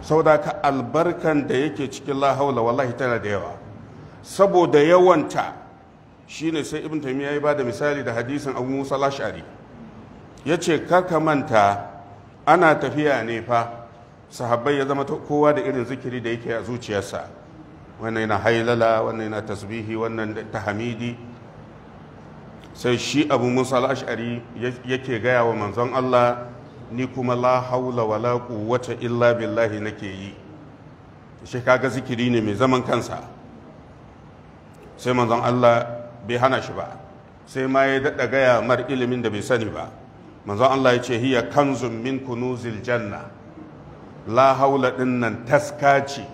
saboda ka albarkan da yake cikin lahaula wallahi tana da yawa saboda yawanta shine sai ibn taymiya ya bada misali da hadisin abu musa lashari ce karka manta ana tafiya ne fa sahabbai ya zama kowa da irin zikiri da yake a zuciyarsa wannan yana hailala wannan yana tasbihi wannan tahamidi sai shi abu musa lashari yake gaya wa manzon allah ni kuma la haula wala quwwata illa billahi nake yi shi kaga zikiri ne mai zaman kansa sai manzon Allah bai hana shi ba sai ma ya daɗa gaya mar ilimin da bai sani ba manzon Allah ya ce hiya kanzun min kunuzil janna la haula nan taska ce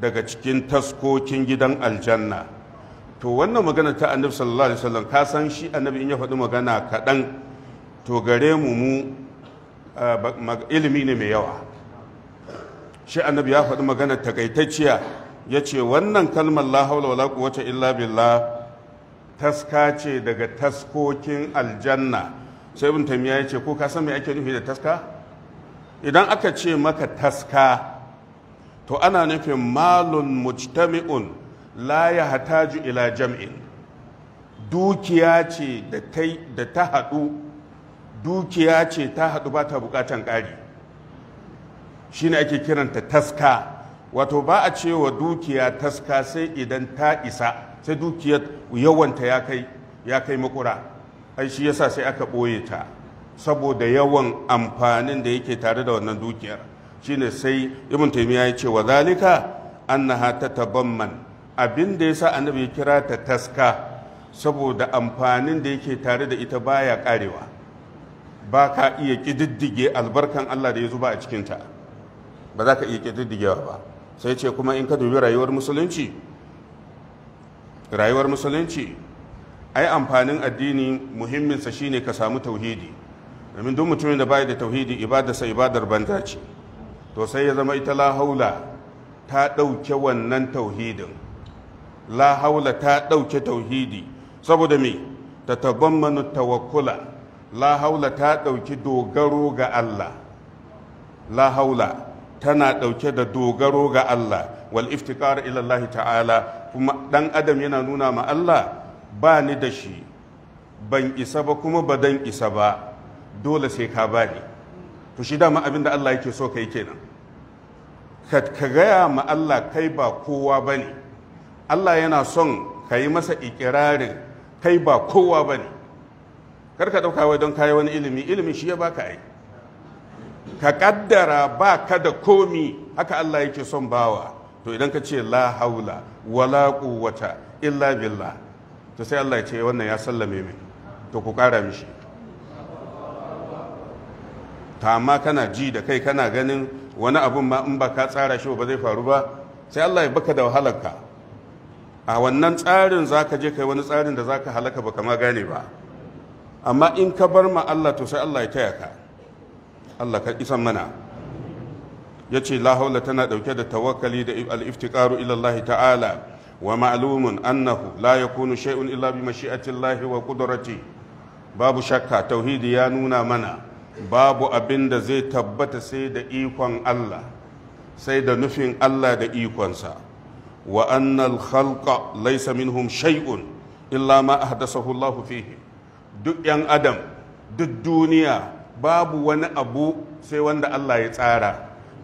daga cikin taskokin gidan aljanna to wannan magana ta annabi sallallahu alaihi wasallam ka san shi annabi in ya faɗi magana kaɗan to gare mu mu Eh, ilimi ne mai yawa shi annabi ya faɗi magana takaitacciya ya ce wannan kalmar la haula wala quwwata illa billah taska ce daga taskokin aljanna sai ibn tamiya ya ce ko ka san me ake nufi da taska idan aka ce maka taska to ana nufin malun mujtami'un la yahtaju ila jam'in dukiya ce da ta haɗu dukiya ce ta haɗu ba ta bukatan ƙari shi ne ake kiranta taska wato ba a cewa dukiya taska sai idan ta isa sai dukiyar yawanta ya kai ya kai makura ai shi yasa sai aka ɓoye ta saboda yawan amfanin da yake tare da wannan dukiyar shine sai ibn taymiya ya ce wa zalika annaha tatabamman abin da yasa annabi ya kira ta taska saboda amfanin da yake tare da ita baya karewa ba ka iya ƙididdige albarkan Allah da ya zuba a cikinta ba za ka iya ƙididdigewa ba sai ce kuma in ka dubi rayuwar musulunci rayuwar musulunci ai amfanin addini muhimminsa shine ka samu tauhidi domin duk mutumin da bai da tauhidi ibadarsa ibadar banza ce to sai ya zama ita la haula ta ɗauke wannan tauhidin la haula ta ɗauke tauhidi saboda me ta tabammanu tawakkula la haula ta ɗauki dogaro ga Allah la haula tana ɗauke da dogaro ga Allah wal iftiqar ila Allah ta'ala kuma ɗan adam yana nuna ma Allah ba ni da shi ban isa ba kuma ba dan isa ba dole sai ka ba ni to shi dama abinda Allah yake so kai kenan ka gaya ma Allah kai ba kowa bane Allah yana son ka yi masa ikirarin kai ba kowa bane kar ka dauka wai don kayi wani ilimi ilimi shi ya baka ai ka kaddara ba ka da komi haka Allah yake son bawa to idan ka ce la haula wala quwwata illa billah to sai Allah ya ce wannan ya sallame mai to ku kara mishi ta amma kana ji da kai kana ganin wani abun ma in ba ka tsara shi ba zai faru ba sai Allah ya baka da wahalarka a wannan tsarin zaka je kai wani tsarin da zaka halaka baka ma gane ba amma in ka bar ma Allah to sai Allah ya taya ka Allah ka isan mana ya ce la haula tana ɗauke da tawakkali da al ilallahi ta'ala wa ma'alumin annahu la yakunu shay'un illa bi mashi'atillahi wa ƙudurati babu shakka tauhidi ya nuna mana babu abin da zai tabbata sai da ikon Allah sai da nufin Allah da ikonsa wa annal khalqa laysa minhum shay'un illa ma ahdathahu Allah fihi duk 'yan adam duk duniya babu wani abu sai wanda Allah ya tsara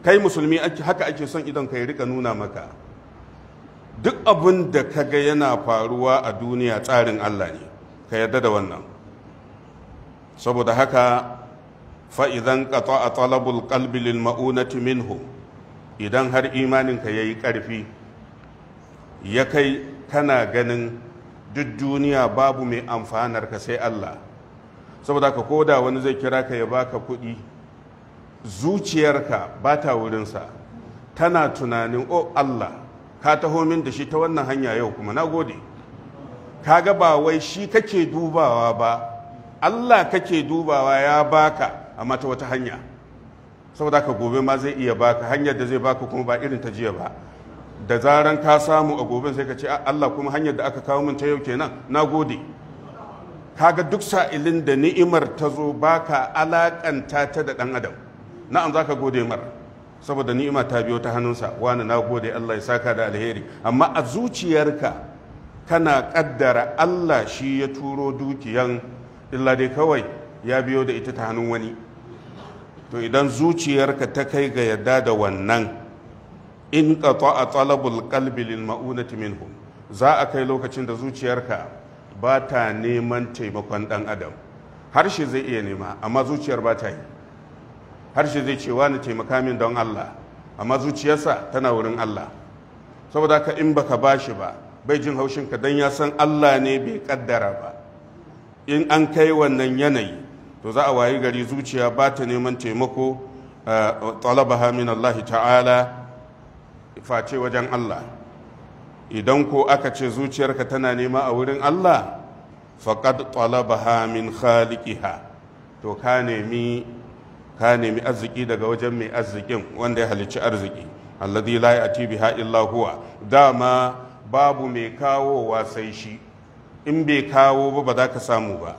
kai musulmi haka ake son idan ka yi rika nuna maka duk abin da ka ga yana faruwa a duniya tsarin Allah ne ka yarda da wannan saboda haka fa'izan ƙato a talabul ƙalbi ma'unati minhu idan har imaninka ya yi ƙarfi ya kai kana ganin duk duniya babu mai amfanar ka sai Allah saboda ka koda wani zai kira ka ya baka kuɗi zuciyarka ba ta wurinsa tana tunanin o oh Allah ka taho min da shi ta wannan hanya yau kuma na gode ka ga ba wai shi kake dubawa ba Allah kake dubawa ya baka amma ta wata hanya saboda ka gobe ma zai iya baka hanyar da zai baka kuma ba irin ta jiya ba da zaran ka samu a gobe sai ka ce Allah kuma hanyar da aka kawo min ta yau kenan na gode kaga duk sa'ilin da ni'imar ta zo baka alakanta ta da ɗan adam na'am zaka gode mara saboda ni'ima ta biyo ta hannunsa wani na gode Allah ya saka da alheri amma a zuciyarka kana kaddara Allah shi ya turo dukiyan illa dai kawai ya biyo da ita ta hannun wani to idan zuciyarka ta kai ga yadda da wannan in ka qata'a talabul kalbi lil ma'unati minhum za a kai lokacin da zuciyarka ba ta neman taimakon dan adam harshe zai iya nema amma zuciyar ba ta yi harshe zai ce wani taimaka min don Allah amma zuciyarsa tana wurin Allah saboda ka in baka bashi ba bai jin haushin ka dan ya san Allah ne bai kaddara ba in an kai wannan yanayi to za a wayi gari zuciya ba ta neman taimako eh, talabaha min Allah ta'ala face wajen Allah idan ko aka ce zuciyarka tana nema a wurin Allah faqad talabaha min khaliqiha to ka nemi ka nemi arziki daga wajen mai arzikin wanda ya halicci arziki alladhi la ya'ti biha illa huwa dama babu mai kawowa sai shi in bai kawo ba ba za ka samu ba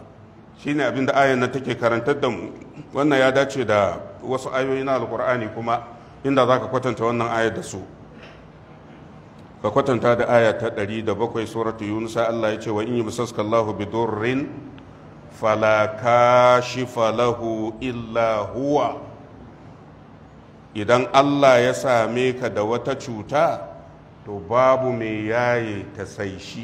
shine abin da ayan nan take karantar da mu wannan ya dace da wasu ayoyi na alkur'ani kuma inda za ka kwatanta wannan ayar da su ka kwatanta da aya ta 107 suratu yunus Allah ya ce wa in yumsaska Allahu bidurrin fala kashifa falahu illa huwa idan Allah ya same ka da wata cuta to babu mai yaye ta sai shi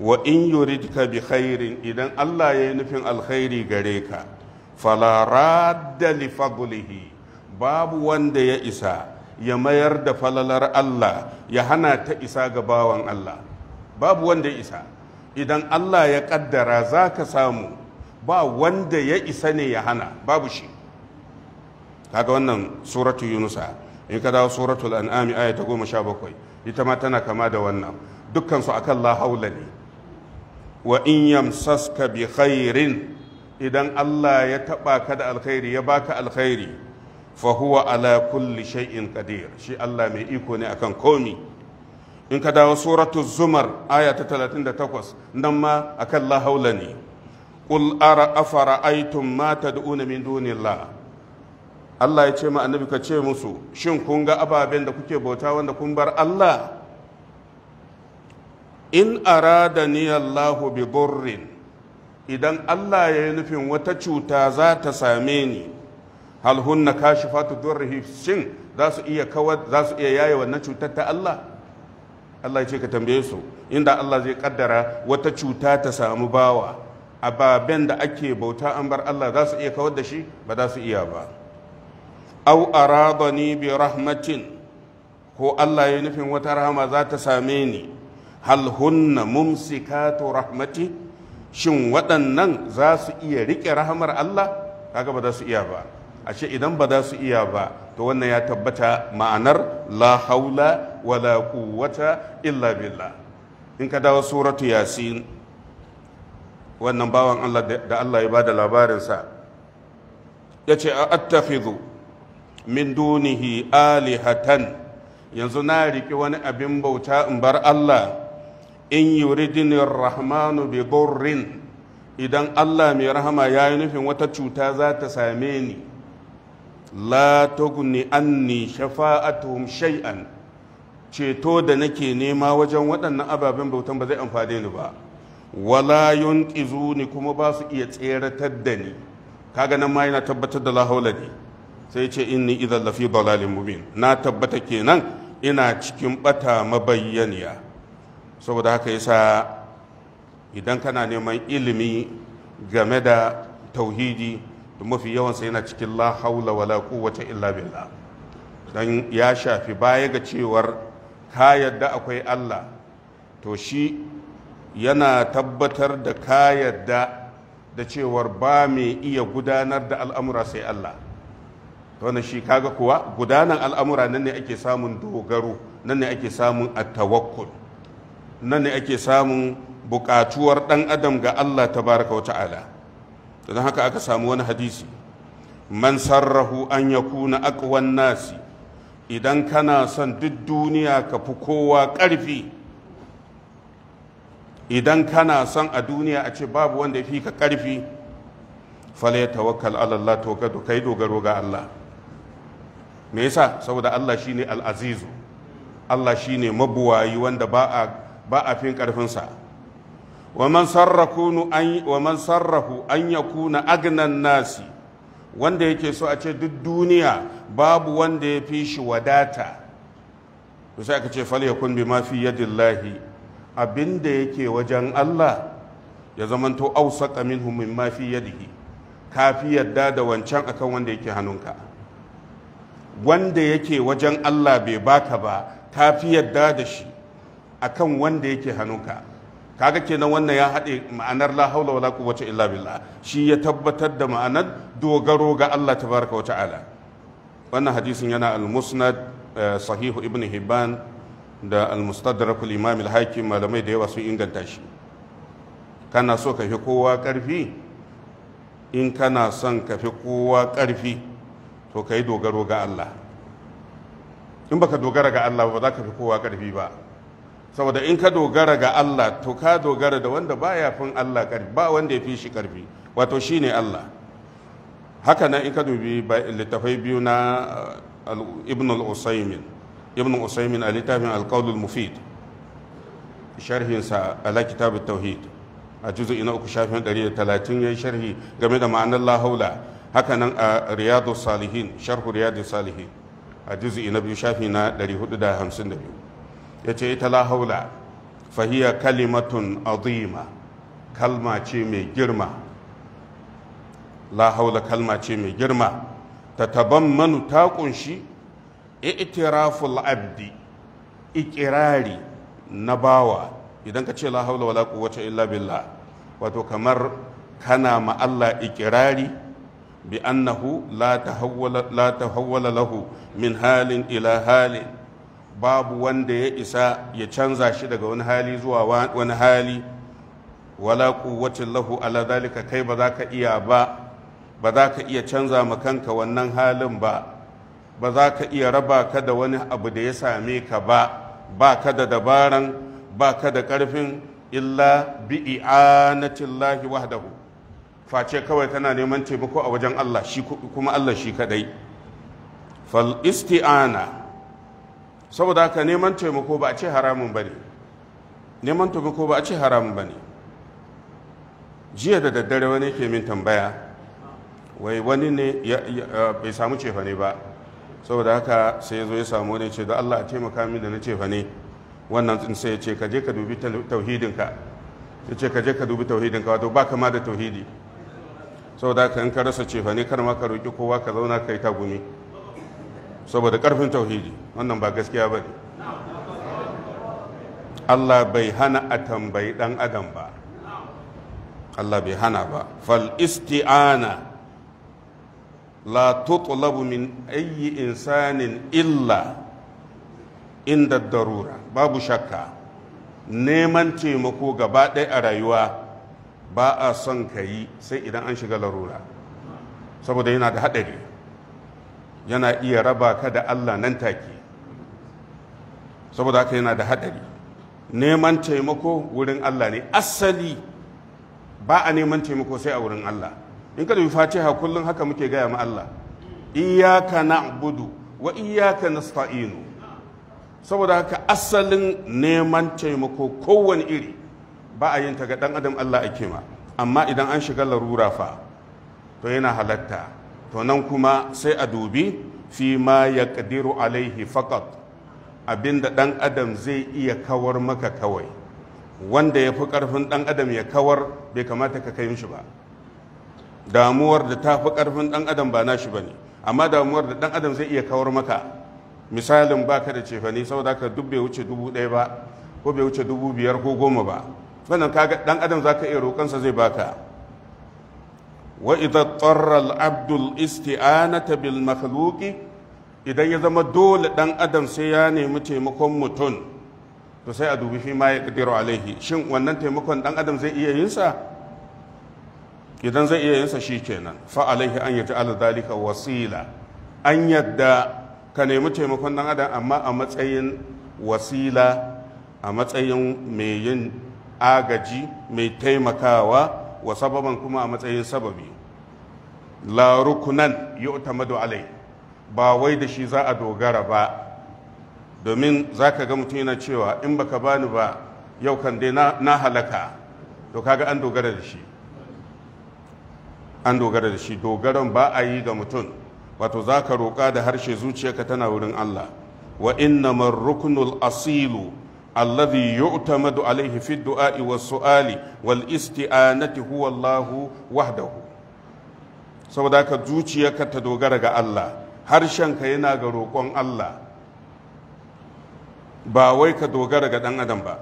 wa in yuridka bi khairin idan Allah ya yi nufin alkhairi gare ka fala radda li fadlihi babu wanda ya isa ya mayar da falalar Allah ya hana ta isa ga bawan Allah babu wanda ya isa idan Allah ya kaddara za ka samu ba wanda ya isa ne ya hana babu shi kaga wannan suratu yunusa in ka dawo suratul an'ami aya ta goma sha bakwai ita ma tana kama da wannan dukansu su akan la haula ne wa in yamsaska bi khairin idan Allah ya taba ka da alkhairi ya baka alkhairi fa huwa ala kulli shay'in qadir shi Allah mai iko ne akan komi in ka dawo suratu zumar aya ta 38 nan ma akan la haula ne qul ara afara'aytum ma tad'una min dunillah Allah ya ce ma annabi ka ce musu shin kun ga ababen da kuke bauta wanda kun bar Allah in arada ni Allahu bi burrin idan Allah ya yi nufin wata cuta za ta same ni hal hunna kashifatu durrihi shin za su iya kawar za su iya yaye wannan cutar ta Allah Allah ya ce ka tambaye su inda Allah zai kaddara wata cuta ta samu bawa ababen da ake bauta an bar Allah za su iya kawar da shi ba za su iya ba aw aradani bi rahmatin ko Allah ya nufin wata rahama za ta same ni hal hunna mumsikatu rahmati shin waɗannan za su iya riƙe rahamar Allah kaga ba za su iya ba ashe idan ba za su iya ba to wannan ya tabbata ma'anar la haula wala quwwata illa billah in ka dawo suratu yasin wannan bawan Allah da Allah ya bada labarinsa ya ce a attakhidhu min dunihi alihatan yanzu na riki wani abin bauta in bar Allah in yuridini rahmanu bi idan Allah mai rahama ya yi nufin wata cuta za ta same ni la shafa anni shafa'atuhum shai'an ceto da nake nema wajen waɗannan ababen bautan ba zai amfane ni ba wala ne kuma ba su iya tseratar da ni kaga nan ma yana tabbatar da lahaula ne sai ce inni idan lafi dalalin mubin na tabbata kenan ina cikin ɓata mabayyaniya saboda haka yasa idan kana neman ilimi game da tauhidi duk mafi yawansa yana cikin la haula wala quwwata illa billah dan ya shafi baya ga cewar ka yadda akwai Allah to shi yana tabbatar da ka yadda da cewar ba mai iya gudanar da al'amura sai Allah to wannan shi kaga kuwa gudanar al'amura nan ne ake samun dogaro nan ne ake samun at-tawakkul nan ne ake samun bukatuwar dan adam ga Allah tabaraka wa ta'ala don haka aka samu wani hadisi man sarrahu an yakuna aqwan nasi idan kana son duk duniya ka fi kowa ƙarfi idan kana son a duniya a ce babu wanda ya fi ka ƙarfi fala ya tawakkal Allah to ka kai dogaro ga Allah me yasa saboda Allah shine al-azizu Allah shine mabuwayi wanda ba a ba a fin ƙarfinsa ومن sarrahu an ومن صرفوا أن يكون أغنى الناس wanda yake so a ce duk duniya babu wanda ya fi shi wadata to sai aka ce falyakun bima fi yadillahi abinda yake wajen Allah ya zamanto ausaqa minhu mimma fi yadihi ka fi yadda da wancan akan wanda yake hannunka wanda yake wajen Allah bai baka ba ka fi yadda da shi akan wanda yake hannunka kaga kenan wannan ya haɗe ma'anar la haula wala quwwata illa billah shi ya tabbatar da ma'anar dogaro ga Allah tabaraka wa ta'ala wannan hadisin yana al-musnad eh, sahihu ibn hibban da al-mustadrak al-imam al-hakim malamai da yawa sun inganta shi kana so ka fi kowa karfi in kana son ka fi kowa karfi to kai dogaro ga Allah in baka dogara ga Allah ba za ka fi kowa karfi ba saboda in ka dogara ga Allah to ka dogara da wanda ba ya fin Allah karfi ba wanda ya fi shi karfi wato shi ne Allah haka nan in ka dubi littafai biyu na uh, ibn al-usaymin ibn usaymin a littafin al-qawl al-mufid sharhinsa ala kitab tauhid a juzu'i ina uku shafin 130 yayi sharhi game da ma'anar la haula haka nan a riyadu salihin sharhu riyadu salihin a juzu'i ina biyu shafi na 452 ya ce ita la haula kalimatun azima kalma ce mai girma la haula kalma ce mai girma ta manu ta kunshi i'tiraful abdi ikirari na bawa idan ka ce la haula wala kowace illa billah wato kamar kana ma Allah ikirari bi annahu la ta la tahawwala lahu min halin ila halin babu wanda ya isa ya canza shi daga wani hali zuwa wani hali wala quwwatin lahu ala dalika kai ba za ka iya ba ba za ka iya canza makanka wannan halin ba ba za ka iya raba ka da wani abu da ya same ka ba ba ka da dabaran ba ka da ƙarfin illa bi lahi wahdahu face kawai tana neman taimako a wajen Allah shi kuma Allah shi kadai fal isti'ana saboda haka neman taimako ba a ce haramun ba ne neman taimako ba a ce haramun ba ne jiya da daddare wani ke min tambaya wai wani ne bai samu cefa ne ba saboda haka sai ya zo ya samu wani ce da allah a taimaka min da na cefa ne wannan sai ya ce ka je ka dubi tauhidinka ya ce ka je ka dubi tauhidinka wato ba kama da tauhidi saboda haka in ka rasa cefa ne kar ma ka roƙi kowa ka zauna ka yi tagumi saboda ƙarfin tauhidi wannan ba gaskiya ba ne allah bai hana a tambayi dan adam ba allah bai hana ba fal isti'ana la tutlabu min ayyi insanin illa inda darura babu shakka neman taimako gaba ɗaya a rayuwa ba a son ka yi sai idan an shiga larura saboda yana da haɗari yana iya raba ka da Allah nan take saboda haka yana da haɗari neman taimako wurin Allah ne asali ba a neman taimako sai a wurin Allah in ka dubi fatiha kullum haka muke gaya ma Allah iyyaka na'budu wa iyyaka nasta'inu saboda haka asalin neman taimako kowane iri ba a yin ta ga dan adam Allah ake ma amma idan an shiga larura fa to yana halatta to nan kuma sai a dubi fi ma ya ƙadiru alaihi fakat abinda ɗan adam zai iya kawar maka kawai wanda ya fi ƙarfin ɗan adam ya kawar bai kamata ka kai shi ba damuwar da ta fi ƙarfin ɗan adam ba nashi ba ne amma damuwar da ɗan adam zai iya kawar maka misalin ba ka da cefane saboda ka duk bai wuce dubu ɗaya ba ko bai wuce dubu biyar ko goma ba wannan kaga ɗan adam za ka iya roƙonsa zai baka wa idza tarra al-abdul isti'anata bil makhluqi idan ya zama dole dan adam sai ya nemi taimakon mutum to sai a dubi fi ma ya kadiru alaihi shin wannan taimakon dan adam zai iya yin sa idan zai iya yin sa kenan fa alaihi an yaj'ala dalika wasila an yadda ka nemi taimakon dan adam amma a matsayin wasila a matsayin mai yin agaji mai taimakawa wa sababan kuma a matsayin sababi la rukunan yu'tamadu alai ba wai da shi za a dogara ba domin za ka ga mutum yana cewa in baka bani ba yau kan dai na halaka to kaga an dogara da shi an dogara da shi dogaran ba a yi ga mutum wato za ka roƙa da harshe zuciyarka tana wurin Allah wa inna rukunul asilu الذي يعتمد عليه في الدعاء والسؤال والاستعانة هو الله وحده saboda haka zuciyarka ta dogara ga Allah harshenka yana ga roƙon Allah ba wai ka dogara ga ɗan adam ba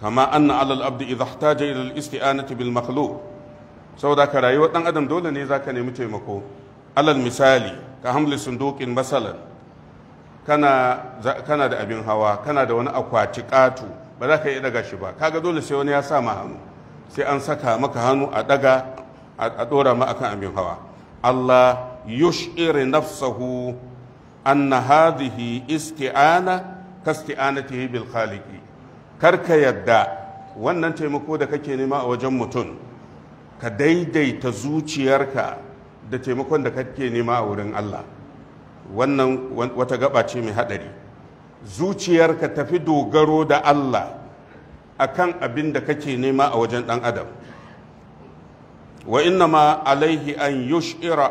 kama anna alal abdi idza ihtaja ila al isti'anati bil makhluq saboda ka rayuwar ɗan adam dole ne zaka nemi taimako alal misali ka hamli sunduqin masalan kana da abin hawa kana da wani akwati katu ba za ka iya daga shi ba kaga dole sai wani ya sa ma hannu sai an saka maka hannu a daga a ɗora ma akan abin hawa Allah yush'iri nafsahu anna hadhihi isti'ana kasti'anatihi bil khaliqi karka yadda wannan taimako da kake nema a wajen mutum ka daidaita zuciyarka da taimakon da kake nema a wurin Allah wannan wata gaba ce mai haɗari zuciyarka tafi dogaro da Allah akan abin da kake nema a wajen ɗan adam wa inna ma alaihi an yush'ira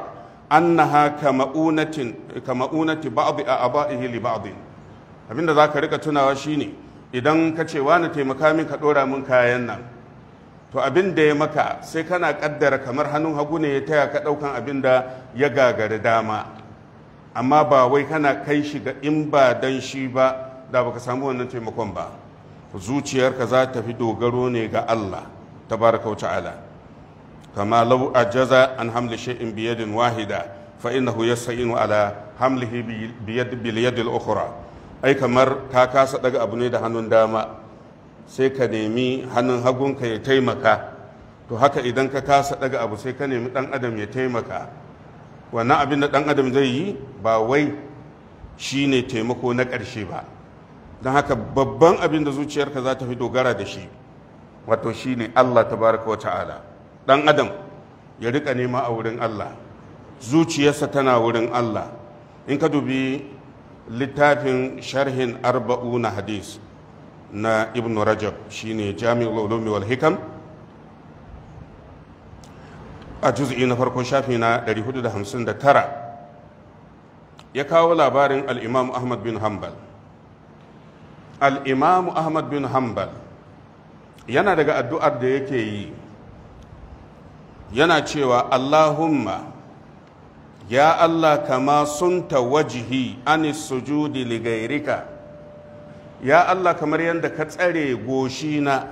annaha kama'unatin kama'unati ba'd a'ba'ihi li ba'd abinda zaka rika tunawa shine idan ka ce wani taimaka min ka dora min kayan nan to abin da ya maka sai kana kaddara kamar hannun hagu ne ya taya ka daukan abin da ya gagari dama amma ba wai kana kai shi ga in ba dan shi ba da baka samu wannan taimakon ba zuciyarka za ta fi dogaro ne ga Allah ta tabaraka wa ta'ala kama law ajaza an hamli shay'in bi yadin wahida fa innahu yasta'inu ala hamlihi bi yad bil yad al ai kamar ka kasa daga abu ne da hannun dama sai ka nemi hannun hagunka ya taimaka to haka idan ka kasa daga abu sai ka nemi dan adam ya taimaka wannan abin da ɗan adam zai yi ba wai shi ne taimako na ƙarshe ba don haka babban abin da zuciyarka za ta fi dogara da shi wato shi ne allah tabaraka wa ta'ala ɗan adam ya rika nema a wurin allah zuciyarsa tana wurin allah in ka dubi littafin sharhin arba'u na hadis na ibn rajab shine jami'ul ulumi wal hikam a juz'i na farkon shafi na 459 ya kawo labarin al'imamu ahmad bin hanbal al'imamu ahmad bin hanbal yana daga addu'ar da yake yi yana cewa allahumma ya allah kama sunta wajihi anis sujudi ligairika ya allah kamar yadda ka tsare goshina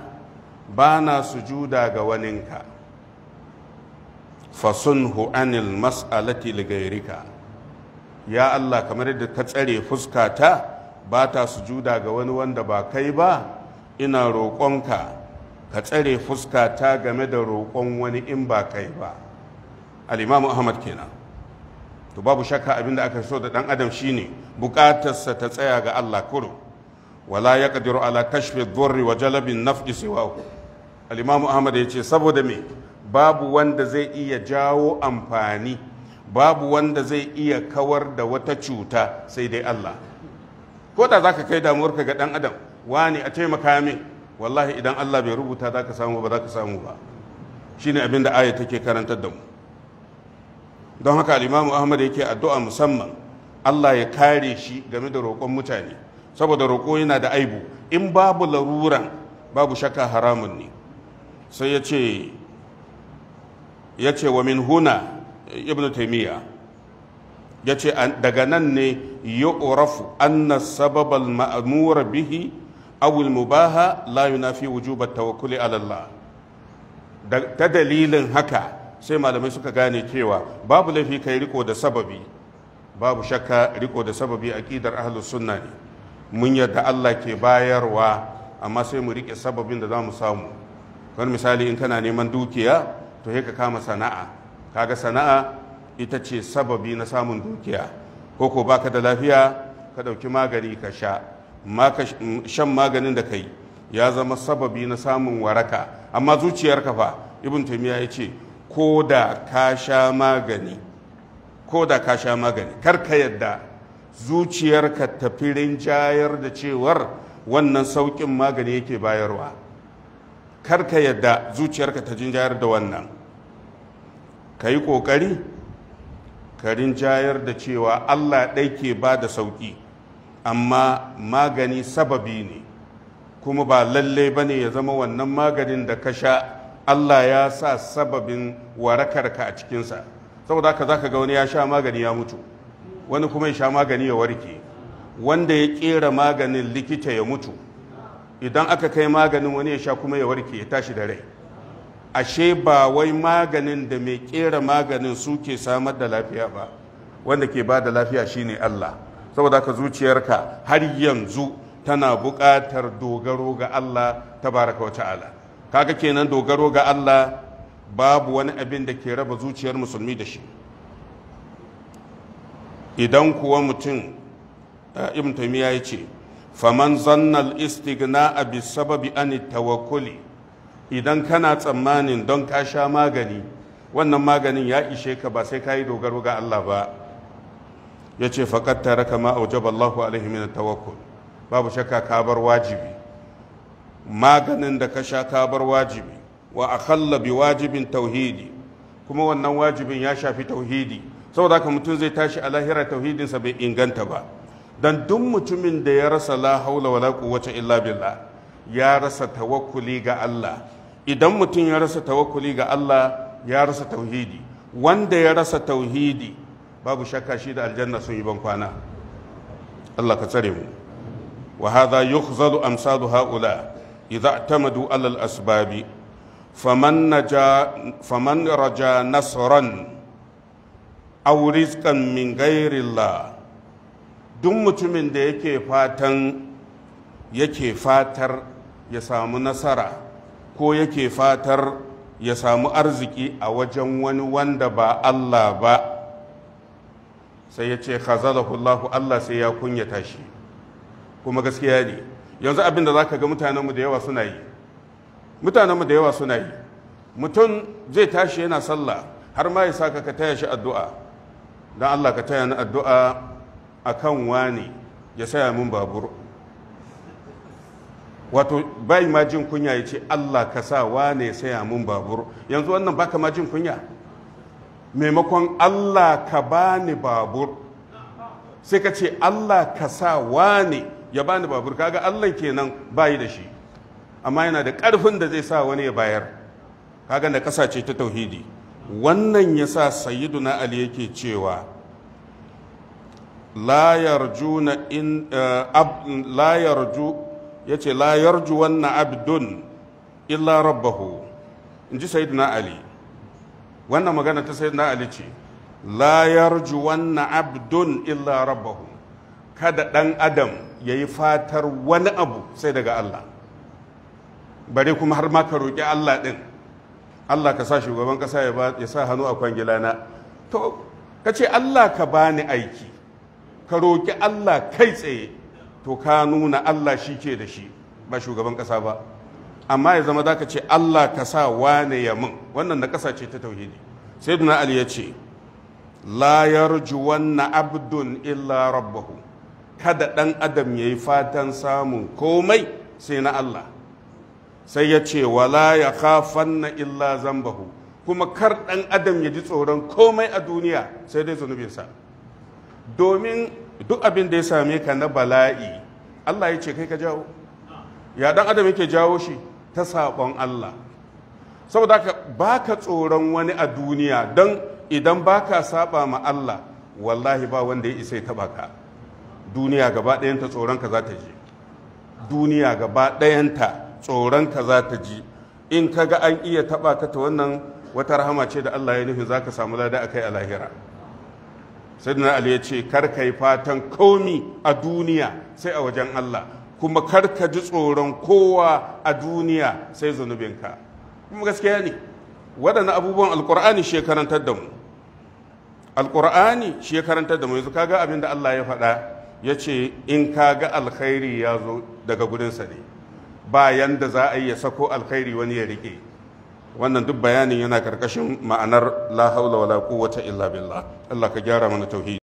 ba na sujuda ga waninka fasunhu anil mas'alati ligairika ya Allah kamar da ka tsare fuskata ba ta sujuda ga wani wanda ba kai ba ina roƙonka ka tsare fuskata game da roƙon wani in ba kai ba al'imamu ahmad kenan to babu shakka abinda aka so da ɗan adam shine buƙatarsa ta tsaya ga Allah kuro wala ya ƙadiru ala kashfe dhurri wa jalabin naf'i ku. al'imamu ahmad ya ce saboda me babu wanda zai iya jawo amfani babu wanda zai iya kawar da wata cuta sai dai Allah ko da zaka kai damuwarka ga ɗan adam wani a taimaka min wallahi idan Allah bai rubuta zaka samu ba zaka samu ba shine abin da aya take karantar da mu don haka al-Imam Ahmad yake addu'a musamman Allah ya kare shi game da roƙon mutane saboda roƙo yana da aibu in babu laruran babu shakka haramun ne sai ya ce ya ce wa min huna ibn taimiyya ya ce daga nan ne ya urafu anna sababal ma'amura bihi awil mubaha la yunafi wujubat tawakkuli ala Allah ta dalilin haka sai malamai suka gane cewa babu laifi kai riko da sababi babu shakka riko da sababi aqidar ahlus sunna ne mun yadda Allah ke bayarwa amma sai mu rike sababin da za mu samu kan misali in kana neman dukiya to ka kama sana'a kaga sana'a ita ce sababi na samun dukiya ko ko baka da lafiya ka ɗauki magani ka sha mm, shan maganin da kai ya zama sababi na samun waraka amma zuciyarka fa ibn taymiya ya ce ko da ka sha magani ko da ka sha magani kar ka yadda zuciyarka ta firin jayar da cewar wannan sauƙin magani yake bayarwa kar ka yadda zuciyarka ta jinjayar da wannan ka yi ƙoƙari ka jayar da cewa allah ɗai ke ba da sauƙi amma magani sababi ne kuma ba lallai ba ne ya zama wannan maganin da ka sha allah ya sa sababin warakarka a cikinsa saboda haka za ka ga wani ya sha magani ya mutu wani kuma ya sha magani ya warke wanda ya kera maganin likita ya mutu idan aka kai maganin wani ya sha kuma ya warke ya tashi da rai ashe ba wai maganin da mai kera maganin suke samar da lafiya ba wanda ke ba da lafiya shine Allah saboda ka zuciyarka har yanzu tana buƙatar dogaro ga Allah tabaraka wa ta'ala kaga kenan dogaro ga Allah babu wani abin da ke raba zuciyar musulmi da shi idan kuwa mutum eh, ibn taymiya ya ce faman zanna al-istighna bi sababi an tawakkuli idan kana tsammanin don ka sha magani wannan maganin ya ishe ka ba sai ka yi dogaro ga Allah ba ya ce faƙar tare kama aujaba Allahu alaihi min tawakkul babu shakka ka bar wajibi maganin da ka sha ka bar wajibi wa akhalla bi wajibin tauhidi kuma wannan wajibin ya shafi tauhidi saboda haka mutum zai tashi a lahira tauhidinsa bai inganta ba dan duk mutumin da ya rasa la haula wala quwwata illa billah ya rasa tawakkuli ga Allah idan mutum ya rasa tawakkuli ga Allah ya rasa tauhidi wanda ya rasa tauhidi babu shakka shi da aljanna sun yi ban kwana Allah ka tsare mu wa hadha yukhzalu amsalu haula idza tamadu ala al asbabi faman naja faman raja nasran aw rizqan min ghairi Allah duk mutumin da yake fatan yake fatar ya samu nasara ko yake fatar ya samu arziki a wajen wani wanda ba Allah ba sai ya ce khazalahullahu Allah sai ya kunya tashi kuma gaskiya ne yanzu abin da za ka ga mutanenmu da yawa suna yi mutanenmu da yawa suna yi mutum zai tashi yana sallah har ma ya saka ka taya shi addu'a don Allah ka taya ni addu'a akan wani ya saya min babur wato bai ma jin kunya ya ce Allah ka sa wane saya mun babur yanzu wannan baka ma jin kunya maimakon Allah ka bani babur sai ka ce Allah ka sa wane ya bani babur kaga Allah kenan bayi da shi amma yana da ƙarfin da zai sa wani ya bayar kaga na kasa ce ta tauhidi wannan ya sa na ali yake cewa layar yarjuna in eh, layar ju, ya ce la juwan wannan abdun illa rabbahu in ji na ali wannan magana ta na ali ce la juwan wannan abdun illa rabbahu kada ɗan adam ya yi fatar wani abu sai daga Allah bare kuma har ma ka roƙi Allah ɗin Allah ka sa shugaban ƙasa ya sa hannu a kwangilana to ka ce Allah ka bani aiki ka roƙi Allah kai tsaye to ka nuna Allah shi ke da shi ba shugaban ƙasa ba amma ya zama zaka ce Allah ka sa wane ya mun wannan na ƙasa ce ta tauhidi sai duna Ali ya ce la yarjuwanna abdun illa rabbahu kada ɗan adam ya yi fatan samun komai sai na Allah sai ya ce wala ya kafanna illa zambahu kuma kar ɗan adam ya ji tsoron komai a duniya sai dai zunubinsa domin duk abin da ya same ka na bala'i Allah ya ce kai ka jawo ya dan adam yake jawo shi ta saƙon Allah saboda ka baka tsoron wani a duniya don idan baka saba ma Allah wallahi ba wanda ya isa ya taba ka duniya gaba dayanta tsoron ka za ta ji duniya gaba dayanta tsoron ka za ta ji in kaga an iya taba ka ta wannan wata rahama ce da Allah ya nufin za ka samu lada akai a lahira sayyidina ali ya ce kar yi fatan komi a duniya sai a wajen Allah kuma kar ka ji tsoron kowa a duniya sai zunubinka kuma gaskiya ne waɗanne abubuwan alkur'ani shi da mu alkur'ani shi karantar da mu yanzu kaga abin da Allah ya faɗa ya ce in kaga alkhairi ya zo daga gudunsa ne bayan da za a yi ya sako alkhairi wani ya riƙe wannan duk bayanin yana karkashin ma'anar la haula wala quwwata illa billah Allah ka gyara mana tauhidi